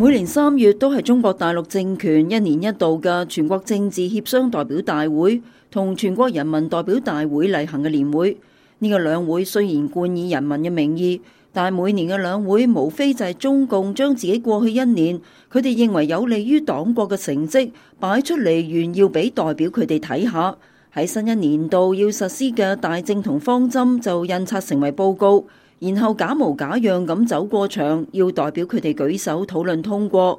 每年三月都係中國大陸政權一年一度嘅全國政治協商代表大會同全國人民代表大會例行嘅年會。呢、這個兩會雖然冠以人民嘅名義，但係每年嘅兩會無非就係中共將自己過去一年佢哋認為有利於黨國嘅成績擺出嚟，炫耀俾代表佢哋睇下，喺新一年度要實施嘅大政同方針就印刷成為報告。然後假模假樣咁走過場，要代表佢哋舉手討論通過。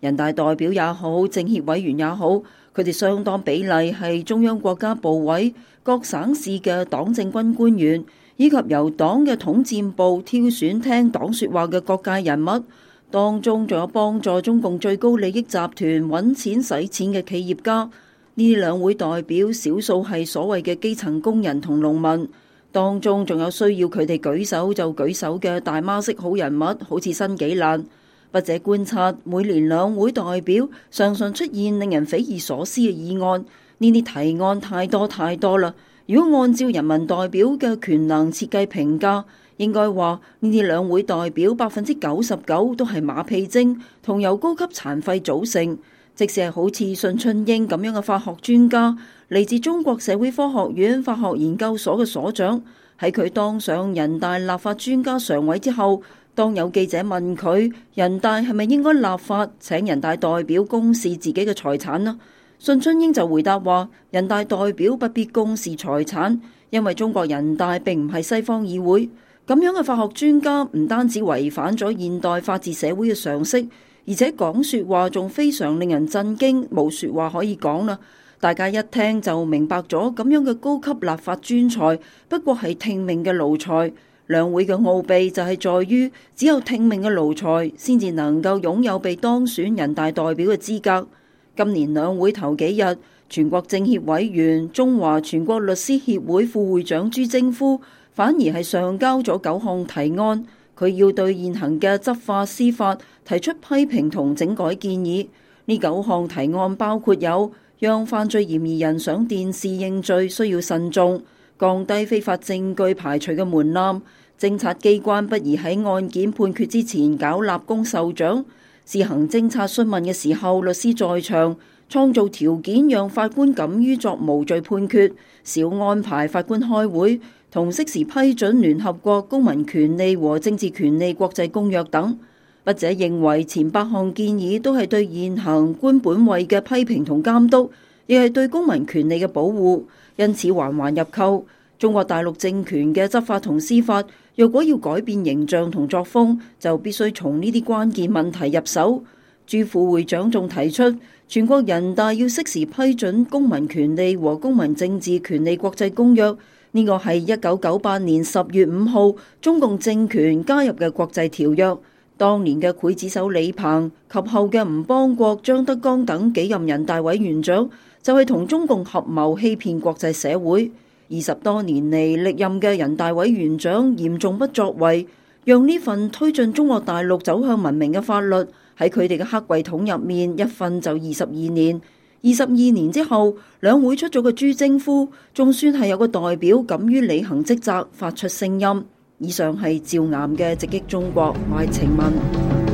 人大代表也好，政協委員也好，佢哋相當比例係中央國家部委、各省市嘅黨政軍官員，以及由黨嘅統戰部挑選聽黨說話嘅各界人物。當中仲有幫助中共最高利益集團揾錢使錢嘅企業家。呢兩會代表少數係所謂嘅基層工人同農民。當中仲有需要佢哋舉手就舉手嘅大媽式好人物，好似申紀蘭。筆者觀察，每年兩會代表常常出現令人匪夷所思嘅議案，呢啲提案太多太多啦。如果按照人民代表嘅權能設計評價，應該話呢啲兩會代表百分之九十九都係馬屁精，同由高級殘廢組成。即使係好似信春英咁樣嘅法學專家。嚟自中國社會科學院法學研究所嘅所長，喺佢當上人大立法專家常委之後，當有記者問佢，人大係咪應該立法請人大代表公示自己嘅財產呢？信春鷹就回答話：人大代表不必公示財產，因為中國人大並唔係西方議會。咁樣嘅法學專家唔單止違反咗現代法治社會嘅常識，而且講說話仲非常令人震驚，冇說話可以講啦。大家一聽就明白咗，咁樣嘅高級立法專才不過係聽命嘅奴才。兩會嘅奧秘就係在於，只有聽命嘅奴才先至能夠擁有被當選人大代表嘅資格。今年兩會頭幾日，全國政協委員、中華全國律師協會副會長朱征夫反而係上交咗九項提案，佢要對現行嘅執法司法提出批評同整改建議。呢九項提案包括有。讓犯罪嫌疑人上電視認罪需要慎重，降低非法證據排除嘅門檻。偵查機關不宜喺案件判決之前搞立功受獎。試行偵查訊問嘅時候，律師在場，創造條件讓法官敢於作無罪判決。少安排法官開會，同適時批准聯合國公民權利和政治權利國際公約等。筆者認為前八項建議都係對現行官本位嘅批評同監督，亦係對公民權利嘅保護。因此，環環入扣。中國大陸政權嘅執法同司法，若果要改變形象同作風，就必須從呢啲關鍵問題入手。朱副會長仲提出，全國人大要適時批准《公民權利和公民政治權利國際公約》，呢個係一九九八年十月五號中共政權加入嘅國際條約。當年嘅劊子手李鵬及後嘅吳邦國、張德江等幾任人大委員長，就係、是、同中共合謀欺騙國際社會。二十多年嚟，歷任嘅人大委員長嚴重不作為，讓呢份推進中國大陸走向文明嘅法律喺佢哋嘅黑櫃桶入面，一瞓就二十二年。二十二年之後，兩會出咗個朱征夫，仲算係有個代表敢於履行職責，發出聲音。以上係趙岩嘅直擊中國，我係程敏。